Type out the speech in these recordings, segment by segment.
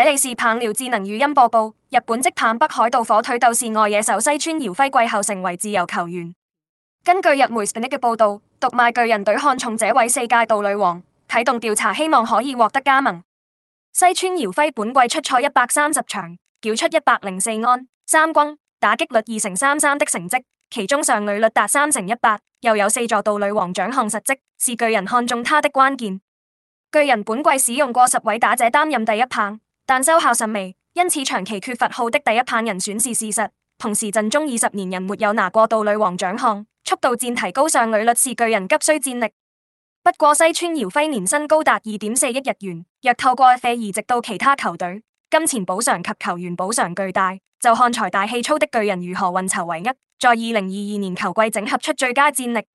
這裡是棒聊智能語音播報。日本職棒北海道火腿鬥士外野手西川遙輝季後成為自由球員。根據日媒 Sponichi 嘅報道，讀賣巨人隊看中這位四屆盜壘王，啟動調查，希望可以獲得加盟。西川遙輝本季出賽一百三十場，繳出一百零四安、三轟，打擊率二成三三的成績，其中上壘率達三成一八，又有四座盜壘王獎項，實績是巨人看中他的關鍵。巨人本季使用過十位打者擔任第一棒。但收效甚微，因此長期缺乏號的第一棒人選是事，事實。同時，陣中二十年人沒有拿過道女王盜壘王獎項，速度戰提高上壘率是巨人急需戰力。不過，西川遙輝年薪高達二點四億日元，若透過 FA 移植到其他球隊，金錢補償及球員補償巨大，就看財大氣粗的巨人如何運籌帷幄，在二零二二年球季整合出最佳戰力。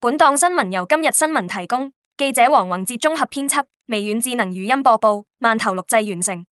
本檔新聞由今日新聞提供，記者黃宏哲綜合編輯。微軟智能語音播報，萬頭錄製完成。